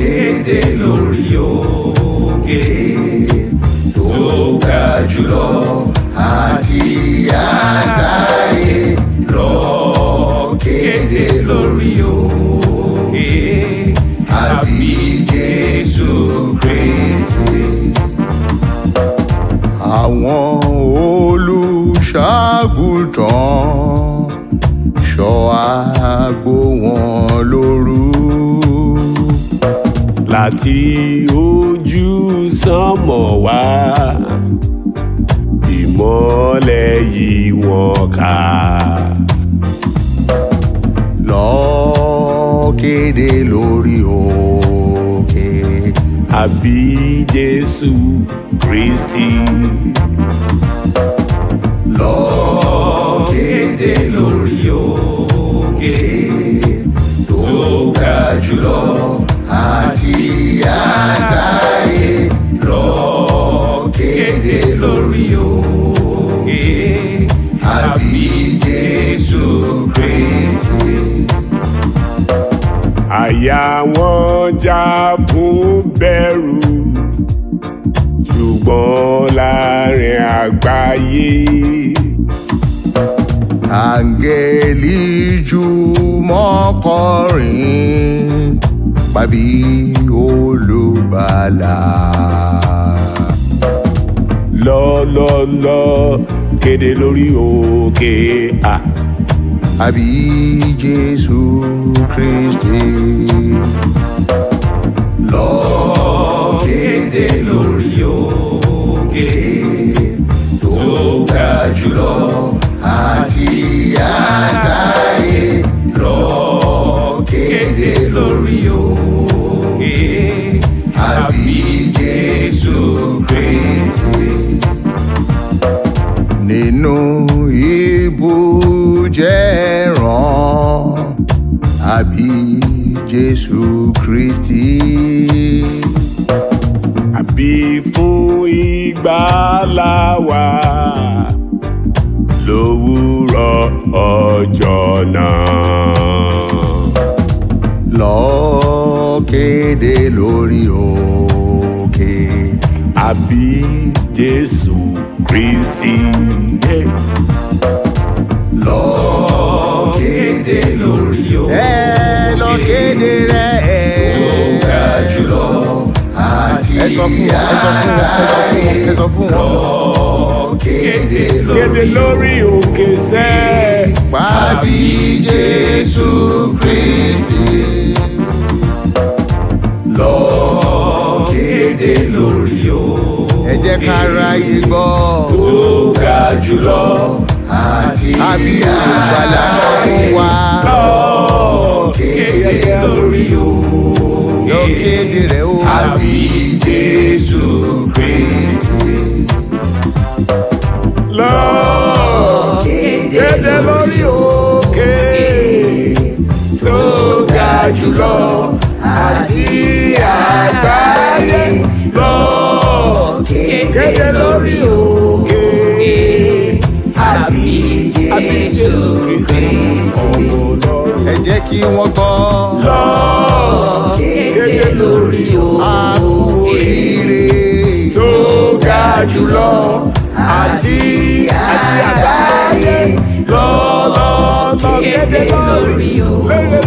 kéde lórí òkè tó ga jùlọ àti àgbáyé lọ kéde lórí òkè àbí Jésù Kristi. àwọn olùṣàgùtàn. àti ojú sánmọ̀ wá ìmọ́lẹ̀ yìí wọ́n ká. lọ kéde lórí òkè àbí Jésù Kristi. lọ kéde lórí òkè tó ga jùlọ àyè. kún bẹ̀rù ṣùgbọ́n láàrin àgbáyé. àǹgẹ̀lì jù mọ́kọrin pàbí olùbàlà. lọ́lọ́lọ́ kéde lórí òkè à. àbí jésù kristi. que tocca giurò a Giadae l'oche dell'Orioke a di Gesù Cristo nínú ibùjẹ́ràn àbí Jésù Kristi. àbíkú ìgbàlà wa lówùrọ̀ ọjọ́ náà. lọ kéde lórí òkè àbí Jésù Kristi. lọ kéde lórí òkè. ẹ lọ àríyá lọ kéde tó ga jùlọ àti àbíyá lọ fún wa. lọ kéde lórí òkè lọ kéde rẹ̀ o. àbí jésù kristi. lọ kéde lórí òkè tó ga jùlọ àti àgbáyé. lọ kéde lórí òkè àbí jésù kristi. ẹ jẹ́ kí wọ́n gbọ́. lọ́ọ́. jùlọ àti àti àgbáyé lọ́lọ́ kéde lórí o.